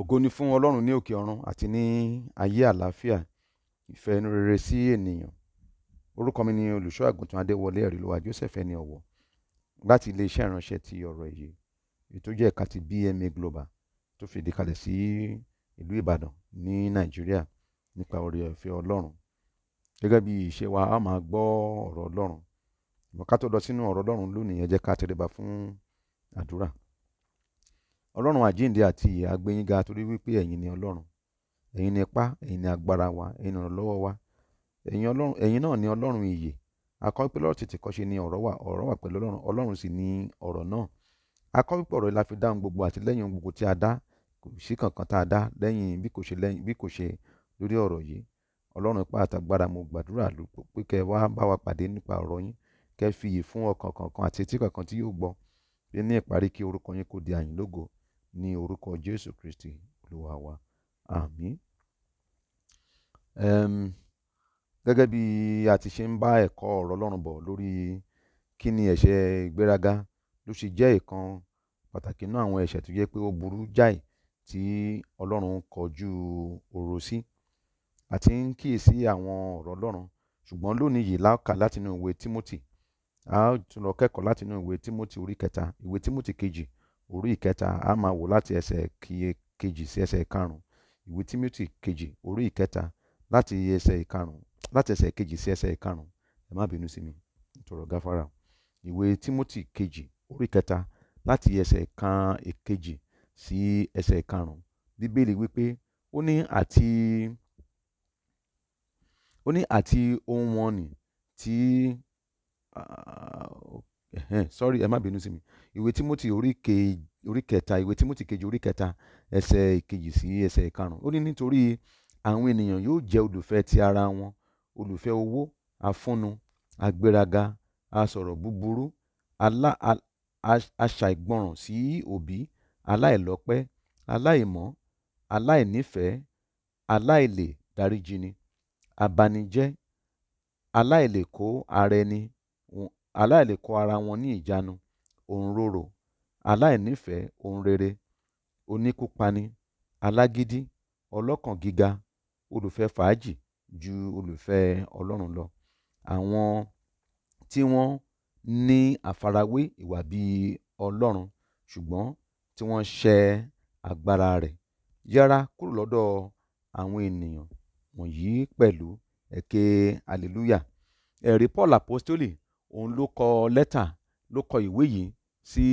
ògo ni fún ọlọ́run ní òkè ọ̀run àti ní ayé àlàáfíà ìfẹ́ inú rere sí ènìyàn orúkọ mi ni olùṣọ́ àgùntàn adéwọlé ẹ̀rìlọ́wà joseph ẹni ọ̀wọ̀ láti iléeṣẹ́ ìránṣẹ́ ti ọ̀rọ̀ èyí ètò jẹ́ ẹ̀ka ti bma global tó fìdí kalẹ̀ sí ìlú ìbàdàn ní nàìjíríà nípa oore ọ̀fẹ́ ọlọ́run gẹ́gẹ́ bí ìṣe wa a máa gbọ́ ọ̀rọ̀ ọlọ́run ìmọ̀ká tó lọ sínú ọ̀rọ̀ ọlọ́run lónìí ẹ jẹ́ ká tẹríba Ọlọ́run àjíǹde àti ìyè a gbé torí wípé ẹ̀yin ni Ọlọ́run. Ẹ̀yin ni ipá, ẹ̀yin ni agbára wa, ẹ̀yin ni ìrànlọ́wọ́ wa. Ẹ̀yin náà ni Ọlọ́run ìyè. A kọ́ lọ́rọ̀ tètè kọ́ṣe ni ọ̀rọ̀ wà, ọ̀rọ̀ wà pẹ̀lú Ọlọ́run, Ọlọ́run sì ni ọ̀rọ̀ náà. A kọ́ wípé ọ̀rọ̀ yìí la fi dáhùn gbogbo àtìlẹ́yìn gbogbo tí a dá, kò sí kankan tá a dá lẹ́yìn bí kò ṣe lẹ́yìn, bí lórí ọ̀rọ̀ yìí. Ọlọ́run ipá àtàgbàrà mo gbàdúrà pé kí wá bá wa pàdé nípa ọ̀rọ̀ yín. Kí ẹ fi ìyè fún ọkàn kọ̀ọ̀kan àti etí kọ̀ọ̀kan tí yóò gbọ́. Ní ìparí kí orúkọ yín kó di àyìnlógo ní orúkọ Jésù Kristi Olúwa wa àmín. Um, gẹ́gẹ́ bí a ti ṣe ń bá ẹ̀kọ́ ọ̀rọ̀ Ọlọ́run bọ̀ lórí kí ni ẹ̀ṣẹ̀ ìgbéraga ló ṣe jẹ́ ìkan pàtàkì náà àwọn ẹ̀ṣẹ̀ tó jẹ́ pé ó burú jáì tí Ọlọ́run kọjú oró sí a ti ń kíyèsí àwọn ọ̀rọ̀ Ọlọ́run ṣùgbọ́n lónìí yìí láòkà látinú ìwé Timothy a tún lọ kẹ́kọ̀ọ́ látinú ìwé Timothy orí kẹta ìwé Timothy kejì orí ìkẹta a máa wò láti ẹsẹ̀ kejì sí ẹsẹ̀ karùn ìwé Timothy kejì orí ìkẹta láti ẹsẹ̀ karùn-ún láti ẹsẹ̀ kejì sí ẹsẹ̀ karùn-ún ẹ má bínú sí mi tọrọ gáfárà ìwé Timothy kejì orí ìkẹta láti ẹsẹ̀ kan èkejì sí ẹsẹ̀ karùn-ún bíbélì wípé ó ní àti ó ní àti ohun wọn nì tí ah, ẹ̀hẹ́n sorry ẹ má bínú sí mi ìwé Timothy orí kẹta ìwé Timothy kejì orí kẹta ẹsẹ̀ ìkejì sí ẹsẹ̀ ìkarùn ó ní nítorí àwọn ènìyàn yóò jẹ́ olùfẹ́ ti ara wọn olùfẹ́ owó afúnnu agbéraga asọ̀rọ̀ búburú aṣàìgbọràn sí òbí aláìlọ́pẹ́ aláìmọ́ aláìnífẹ̀ẹ́ aláìlè dáríjini abanijẹ́ aláìlè kó ara ẹni aláìlèkó ara wọn ní ìjánu òun rorò aláìnífẹ̀ẹ́ ohun rere oníkúpani alágídí ọlọ́kàn gíga olùfẹ́ fàájì ju olùfẹ́ ọlọ́run lọ àwọn tí wọ́n ní àfarawé ìwà bíi ọlọ́run ṣùgbọ́n tí wọ́n ṣẹ agbára rẹ̀ yára kúrò lọ́dọ̀ àwọn ènìyàn wọ̀nyí pẹ̀lú ẹ̀kẹ́ hallelujah ẹ̀rí paul apostoli òun ló kọ lẹ́tà ló kọ ìwé yìí sí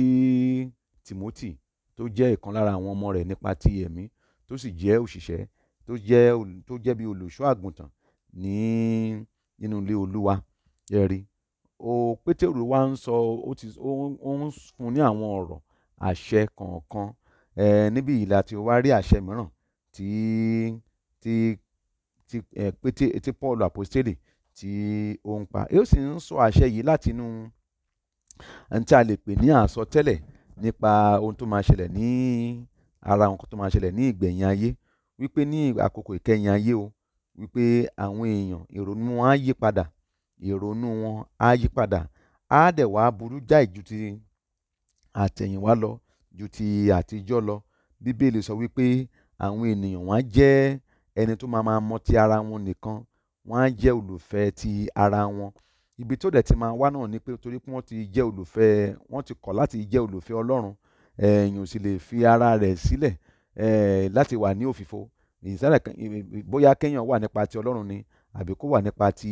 Timothy tó jẹ́ ìkan lára àwọn ọmọ rẹ̀ nípa ti ẹ̀mí tó sì jẹ́ òṣìṣẹ́ tó jẹ́ tó jẹ́ bí olùṣọ́ àgùntàn ní nínú ilé Olúwa ẹ̀rí o Pétérù wa ń sọ ó ti ó ń fún ní àwọn ọ̀rọ̀ àṣẹ kọ̀ọ̀kan ẹ níbí ìlà tí ó wá rí àṣẹ mìíràn tí tí tí ẹ pété tí Paul apostoli tí ó ń pa yóò sì ń sọ àṣẹ yìí láti inú ẹni tí a lè pè ní àsọtẹ́lẹ̀ nípa ohun tó máa ṣẹlẹ̀ ní ara ohun tó máa ṣẹlẹ̀ ní ìgbẹ̀yìn ayé wípé ní àkókò ìkẹyìn ayé o wípé àwọn èèyàn ìrònú wọn á yí padà ìrònú wọn á yí padà á dẹ̀ wá burú jáì ju ti àtẹ̀yìnwá lọ ju ti àtijọ́ lọ bíbélì sọ wípé àwọn ènìyàn wọn á jẹ́ ẹni tó máa máa mọ ti ara wọn nìkan wọ́n á jẹ́ olùfẹ́ ti ara wọn ibi tó dẹ̀ ti máa wá náà ni pé torí pé wọ́n ti jẹ́ olùfẹ́ wọ́n ti kọ̀ láti jẹ́ olùfẹ́ ọlọ́run èèyàn sì lè fi ara rẹ̀ sílẹ̀ eh, láti wà ní òfìfo ìsàlẹ̀ bóyá kéèyàn wà nípa ti ọlọ́run ni àbí kó wà nípa ti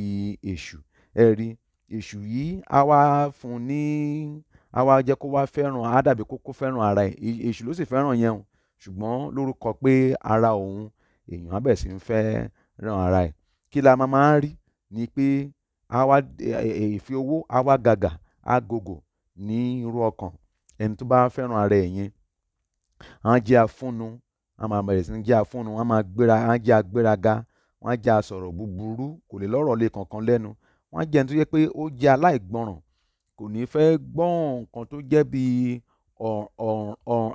èṣù ẹ rí èṣù yìí á wá fún un ní á wá jẹ́ kó wá fẹ́ràn á dàbí kó kó fẹ́ràn ara ẹ̀ èṣù ló sì fẹ́ràn yẹn o ṣùgbọ́n lórúkọ pé ara òun èèyàn á bẹ̀ sí ń fẹ́ ara ẹ̀ kí la máa máa rí ni pé àwa ìfi owó àwa gàgà àgògò ní irú ọkàn ẹni tó bá fẹ́ràn ara ẹ̀ yẹn àwọn jẹ́ afúnnu wọ́n máa bẹ̀rẹ̀ sí ní jẹ́ afúnnu wọ́n máa gbéra wọ́n jẹ́ agbéraga wọ́n jẹ́ asọ̀rọ̀ búburú kò lè lọ́rọ̀ lé kankan lẹ́nu wọ́n jẹ́ ẹni tó yẹ pé ó jẹ́ aláìgbọràn kò ní fẹ́ gbọ́n nǹkan tó jẹ́ bíi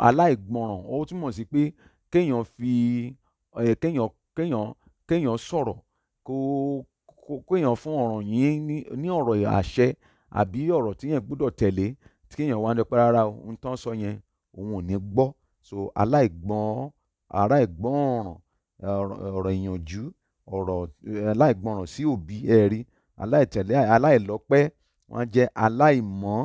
aláìgbọràn ó túmọ̀ sí pé kéèyàn fi kéèyàn kéèyàn kéèyàn sọ̀rọ̀ kó kó kéèyàn fún ọ̀ràn yín ní ní ọ̀rọ̀ àṣẹ àbí ọ̀rọ̀ téèyàn gbúdọ̀ tẹ̀lé tí kéèyàn wá ní pé rárá ohun tó ń sọ yẹn òun ò ní gbọ́ so aláìgbọ́n aláìgbọ́ràn ọ̀rọ̀ ìyànjú ọ̀rọ̀ aláìgbọ́ràn sí òbí ẹ̀rí aláìtẹ̀lé aláìlọ́pẹ́ wọ́n á jẹ́ aláìmọ́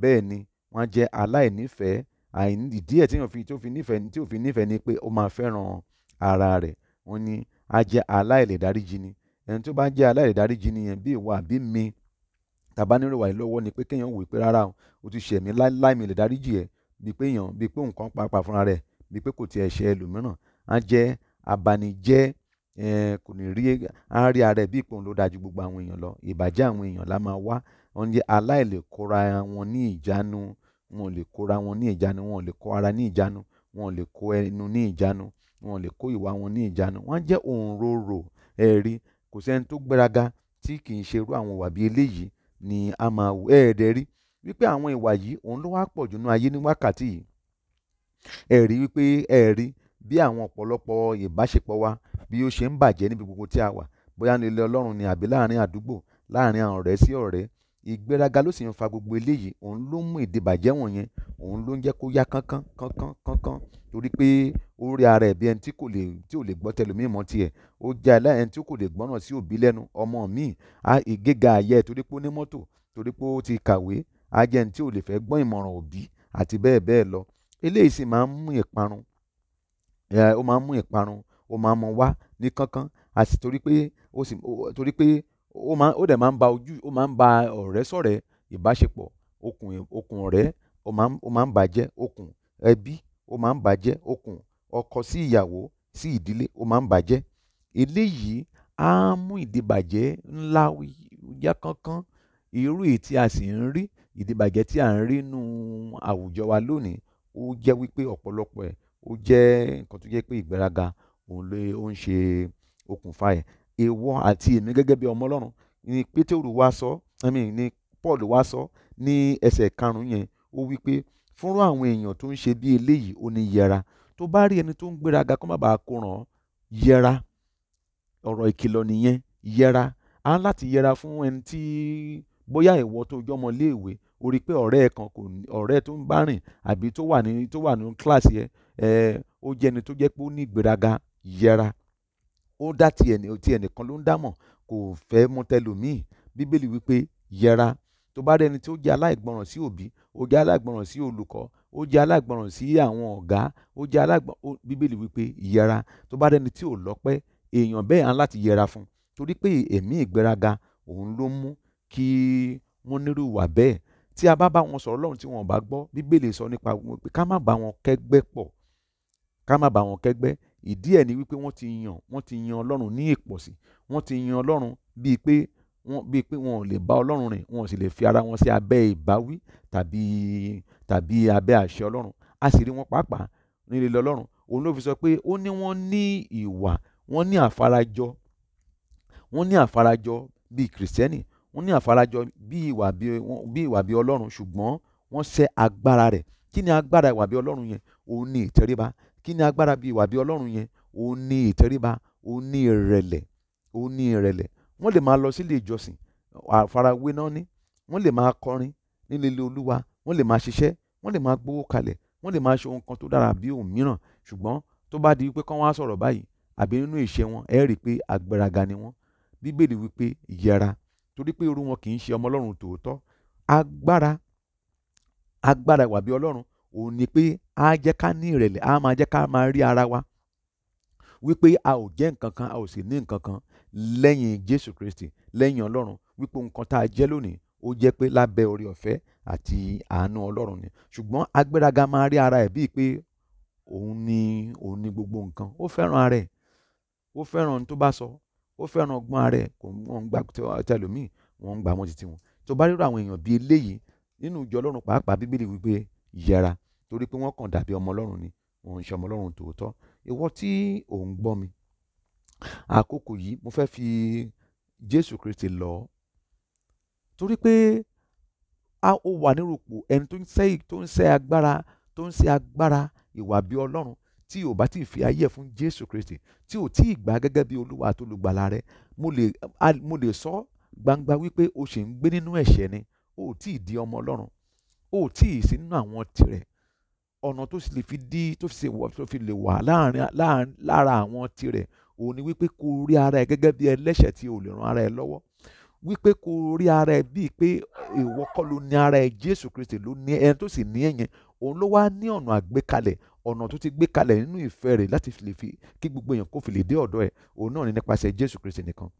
bẹ́ẹ̀ ni wọ́n á jẹ́ aláìnífẹ̀ẹ́ àìní ìdí ẹ̀ tíyàn fi tó fi nífẹ̀ẹ́ tí ò fi nífẹ̀ẹ́ ni pé ó máa fẹ́ràn ara rẹ̀ wọ́n ní á jẹ́ aláìlèdáríjì ni ẹni tí ó bá jẹ́ aláìdáríjì nìyẹn bí ìwà àbí mi tàbá nírò wà lọ́wọ́ ni pé kéèyàn wòye pé rárá o ti ṣẹ̀mí láìláì mi lè dáríjì ẹ̀ bíi pé èèyàn bíi pé nǹkan pa fúnra rẹ̀ bíi pé kò tiẹ̀ ṣe ẹlòmíràn á jẹ́ abanijẹ́ kò ní rí á rí ara ẹ̀ bíi ló dájú gbogbo àwọn èèyàn lọ ìbàjẹ́ àwọn èèyàn la máa wá wọn jẹ́ aláìlèkóra wọn ní ìjánu wọn ò lè kóra wọn ní ìjánu wọn ò lè kó ara ní ìjánu wọn ò lè kó ẹnu ní ìjánu wọn ò lè kó ìwà wọn ní ìjánu wọn jẹ́ òǹrorò ẹ̀rí kò sẹ́ni tó gbéraga tí kì í ṣe irú àwọn ìwà bíi eléyìí ni a máa wù ẹ̀ẹ́dẹ̀ rí wípé àwọn ìwà yìí òun ló wá pọ̀ jù nú ayé ní wákàtí yìí ẹ̀rí wípé ẹ̀rí bí àwọn ọ̀pọ̀lọpọ̀ ìbáṣepọ̀ wa bí ó ṣe ń bàjẹ́ níbi gbogbo tí a wà bóyá ní ilé ọlọ́run ni àbí láàrin àdúgbò láàrin àwọn ọ̀rẹ́ sí ọ̀rẹ́ ìgbéraga ló sì ń fa gbogbo eléyìí òun ló mú ìdìbàjẹ́ wọ̀nyẹn òun ló ń jẹ́ kó yá kánkán kánkán kánkán torí pé rí ara ẹ̀ bí ẹni tí kò lè tí ò lè gbọ́ tẹlòmíì mọ́ tiẹ̀ ó jẹ́ aláìní tí kò lè gbọ́ràn sí òbí lẹ́nu ọmọ mi ìgbéga ayé ẹ̀ torí pé ó ní mọ́tò torí pé ó ti kàwé á jẹ́ ẹni tí ò lè fẹ́ gbọ́ ìmọ̀ràn òbí àti bẹ́ẹ̀ bẹ́ẹ̀ lọ eléyìí sì máa ń mú ìparun ó máa ń mú ìparun ó máa ń mú wá ní kánkán àti torí pé ó sì torí pé ó máa ó dẹ̀ máa ń ba ojú ó máa ń ba ọ̀rẹ́ sọ̀rẹ́ ìbáṣepọ̀ okùn okùn ọ̀rẹ́ ó máa ń bàjẹ́ okùn ẹbí ó máa ń bàjẹ́ okùn ọkọ sí ìyàwó sí ìdílé ó máa ń bàjẹ́ eléyìí á mú ìdíbàjẹ́ ńlá yá kánkán irú èyí tí a sì ń rí ìdíbàjẹ́ tí à ń rí nú àwùjọ wa lónìí ó jẹ́ wípé ọ̀pọ̀lọpọ̀ ẹ̀ ó jẹ́ nǹkan tó jẹ́ pé ìgbéraga òun ló ó ń ṣe okùnfà ẹ̀ ìwọ àti èmi gẹ́gẹ́ bí ọmọ ọlọ́run ni pétérù wá sọ ni paul wá sọ ní ẹsẹ̀ karùn-ún yẹn ó wí pé fúnrú àwọn èèyàn tó ń ṣe bí eléyìí ó ní yẹra tó bá rí ẹni tó ń gbéraga kó má bàa kó ràn ọ́ yẹra ọ̀rọ̀ ìkìlọ̀ nìyẹn yẹra á láti yẹra fún ẹni tí bóyá ìwọ tó jọmọ léèwé o rí pé ọ̀rẹ́ ẹ kan kò ọ̀rẹ́ tó ń bá rìn àbí tó wà ní tó wà ní kíláàsì ẹ ẹ ó jẹ́ ẹni tó jẹ́ pé ó ní ìgbéraga yẹra ó dá ti ẹni ti ẹnìkan ló ń dámọ̀ kò fẹ́ mú bíbélì wípé yẹra tó bá rẹni tí ó jẹ́ aláìgbọràn sí òbí ó jẹ́ aláìgbọràn sí olùkọ́ ó jẹ́ alágbọ̀ràn sí àwọn ọ̀gá ó jẹ́ alágbọ̀ràn bíbélì wípé ìyẹra tó bá dẹni tí ò lọ́pẹ́ èèyàn bẹ́ẹ̀ á láti yẹra fún torí pé ẹ̀mí ìgbéraga òun ló mú kí wọ́n nírú ìwà bẹ́ẹ̀ tí a bá bá wọn sọ̀rọ̀ lọ́run tí wọn ò bá gbọ́ bíbélì sọ nípa wọn pé ká má bá wọn kẹ́gbẹ́ pọ̀ ká má bá wọn kẹ́gbẹ́ ìdí ẹ̀ ni wípé wọ́n ti yàn wọ́n ti yan ọlọ́run ní ìpọ̀sí wọ́n ti yan ọlọ́run bíi pé wọn bíi pé wọn ò lè bá ọlọ́run rìn wọn ò sì lè fi ara wọn sí abẹ́ ìbáwí tàbí tàbí abẹ́ àṣẹ ọlọ́run a sì rí wọn pàápàá nílé ọlọ́run òun ló fi sọ pé ó ní wọ́n ní ìwà wọ́n ní àfarajọ wọ́n ní àfarajọ bíi kìrìsìtẹ́nì wọ́n ní àfarajọ bíi ìwà bíi ìwà bíi ọlọ́run ṣùgbọ́n wọ́n sẹ́ agbára rẹ̀ kí ni agbára ìwà bíi ọlọ́run yẹn òun ní ìtẹríba kí ni agbára bíi ìwà bíi ọlọ́run yẹn òun ní ìtẹríba òun ní ìrẹ̀lẹ̀ òun ní ìrẹ̀lẹ̀ wọ́n lè máa lọ sílé ìjọsìn àfarawé náà ní wọ́n lè máa kọrin nílé ilé olúwa wọ́n lè máa ṣiṣẹ́ wọ́n lè máa gbowó kalẹ̀ wọ́n lè máa ṣe ohun kan tó dára bí ohun mìíràn ṣùgbọ́n tó bá di wípé kán wá sọ̀rọ̀ báyìí àbí nínú ìṣe wọn ẹ rí i pé agbéraga ni wọ́n bíbélì wípé yẹra torí pé irú wọn kì í ṣe ọmọ ọlọ́run tòótọ́ agbára agbára ìwà bí ọlọ́run òun ni pé á jẹ́ ká ní ìrẹ̀lẹ̀ á máa jẹ́ ká máa rí ara wa wípé a ò jẹ́ nǹkan kan a ò sì ní nǹkan kan lẹ́yìn jésù kristi lẹ́yìn ọlọ́run wípé nǹkan tá a jẹ́ lónìí ó jẹ́ pé lábẹ́ orí ọ̀fẹ́ àti àánú ọlọ́run ni ṣùgbọ́n agbéraga máa rí ara ẹ̀ bíi pé òun ni òun ni gbogbo nǹkan ó fẹ́ràn ara ẹ̀ ó fẹ́ràn ohun tó bá sọ ó fẹ́ràn ọgbọ́n ara ẹ̀ kò wọ́n ń gbà tẹlòmíì wọ́n ń gbà wọ́n ti tiwọn tó bá rírọ àwọn èèyàn bíi eléyìí nínú ìjọ ọlọ́run pàápàá bíbélì wípé yẹra torí pé wọ́n kàn dàbí ọmọ ọlọ́run ni wọ́n ń ṣe ọmọ ọlọ́run tòótọ́ ìwọ tí ò gbọ́ mi àkókò yìí mo fẹ́ fi Jésù Kristi lọ̀ torí pé a ó wà nírúpò ẹni tó ń sẹ́ tó ń sẹ́ agbára tó ń sẹ́ agbára ìwà bí Ọlọ́run tí o bá ti fi ayé fún Jésù Kristi tí o tí ì gbà gẹ́gẹ́ bí Olúwa àti olùgbàlà rẹ mo lè sọ gbangba wípé o ṣì ń gbé nínú ẹ̀ṣẹ̀ ni o tí ì di ọmọ Ọlọ́run o tí ì sí nínú àwọn tirẹ̀ ọ̀nà tó sì lè fi dí tó fi lè wà láàrin lára àwọn tirẹ̀ òun ni wípé kó rí ara ẹ gẹ́gẹ́ bí ẹlẹ́ṣẹ̀ tí o lè ran ara ẹ lọ́wọ́ wípé kó rí ara ẹ bíi pé ìwọ kọ́ ló ní ara ẹ Jésù Kristi ló ní ẹni tó sì ní ẹ̀yẹn òun ló wá ní ọ̀nà àgbékalẹ̀ ọ̀nà tó ti gbé kalẹ̀ nínú ìfẹ́ rẹ̀ láti lè fi kí gbogbo èèyàn kó fi lè dé ọ̀dọ̀ ẹ̀ òun náà ni nípasẹ̀ Jésù Kristi nìkan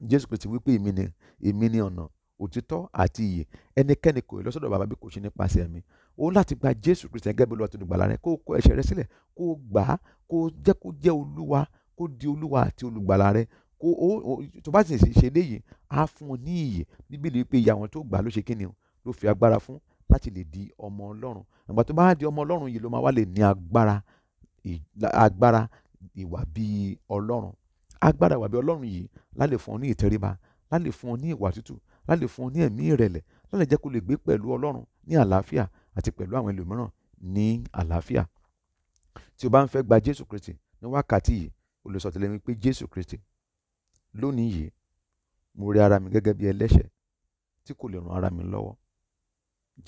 Jésù Kristi wípé èmi ni èmi ni ọ̀nà òtítọ́ àti ìyè ẹnikẹ́ni kò lọ sọ́dọ̀ bàbá bí kò ṣe nípasẹ̀ mi o láti gba Jésù Kristi gẹ́gẹ́ bí Olúwa tó dùgbà lára rẹ̀ kó kó ẹ̀ṣẹ̀ rẹ̀ sílẹ̀ kó gbà á kó jẹ́ kó jẹ́ Olúwa kó di olúwa àti olùgbàlà rẹ kó o tó bá sì ṣe léyìí á fún ọ ní ìyè bíbélì pé ìyá àwọn tó gbà ló ṣe kíni o ló fi agbára fún láti lè di ọmọ ọlọ́run àgbà tó bá di ọmọ ọlọ́run yìí ló máa wá lè ní agbára agbára ìwà bíi ọlọ́run agbára ìwà bíi ọlọ́run yìí lálẹ́ fún ọ ní ìtẹríba lálẹ́ fún ọ ní ìwà tútù lálẹ́ fún ọ ní ẹ̀mí ìrẹ̀lẹ̀ lálẹ́ jẹ́ kó lè gbé pẹ̀lú ọlọ́run ní àlàáfíà àti pẹ̀lú àwọn ẹlòmíràn ní àlàáfíà tí o bá ń fẹ́ gba Jésù Kristi ní wákàtí yìí olùsọ̀tẹ̀lẹ̀ mi pé jésù kristi lónìí yìí mo rí ara mi gẹ́gẹ́ bí ẹlẹ́ṣẹ̀ tí kò lè ran ara mi lọ́wọ́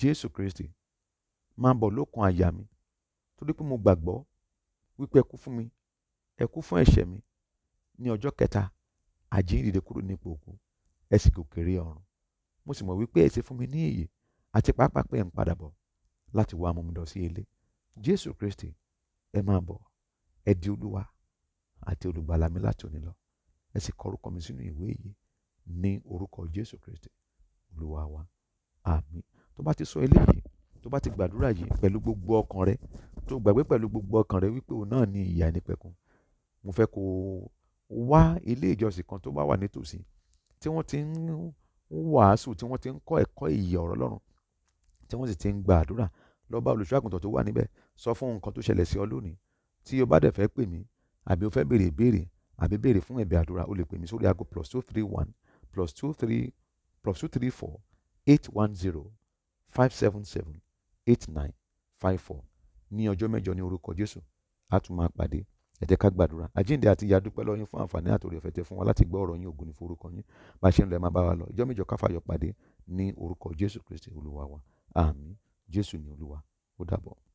jésù kristi máa bọ̀ lókun àyà mi torí pé mo gbàgbọ́ wípé ẹ kú fún mi ẹ kú fún ẹ̀ṣẹ̀ mi ní ọjọ́ kẹta àjíǹde kúrò nípò òkú ẹ sì gòkèrè ọ̀run mo sì mọ̀ wípé ẹ ti fún mi ní ìyè àti pàápàá pé ẹ ń padà bọ̀ láti wá mú sí ilé jésù kristi ẹ máa bọ̀ ẹ di olúwa àti olùgbàlà mi láti òní lọ ẹ sì kọ orúkọ mi sínú ìwé yìí ní orúkọ Jésù Kristi Olúwa wa àmín tó bá ti sọ eléyìí tó bá ti gbàdúrà yìí pẹ̀lú gbogbo ọkàn rẹ tó gbàgbé pẹ̀lú gbogbo ọkàn rẹ wípé òun náà ni ìyà nípẹ̀kun mo fẹ́ kó o wá ilé ìjọsìn kan tó bá wà nítòsí tí wọ́n ti ń wàásù tí wọ́n ti ń kọ́ ẹ̀kọ́ ìyà ọ̀rọ̀ Ọlọ́run tí wọ́n sì ti ń gbàdúrà lọ bá tó wà níbẹ̀ sọ fún nǹkan tó ṣẹlẹ̀ sí ọ lónìí tí o bá dẹ̀ fẹ́ pè mí àbí o fẹ́ béèrè ìbéèrè àbí béèrè fún ẹ̀bẹ̀ àdúrà o lè pè mí sórí aago plus two three one plus two three plus two three four eight one zero five seven seven eight nine five four ní ọjọ́ mẹ́jọ ní orúkọ Jésù a tún máa pàdé ẹ jẹ́ ká gbàdúrà àjíǹde àti ìyá dúpẹ́ lọ́yún fún àǹfààní àtòrí ọ̀fẹ́ tẹ fún wa láti gbọ́ ọ̀rọ̀ yín ògùn ní forúkọ yín bá a ṣe ń lọ ẹ máa bá wa lọ ìjọ mẹ́jọ káfàyọ pàdé ní orúkọ Jésù Kristi olúwa wa àmín Jésù ni olúwa ó dàbọ̀.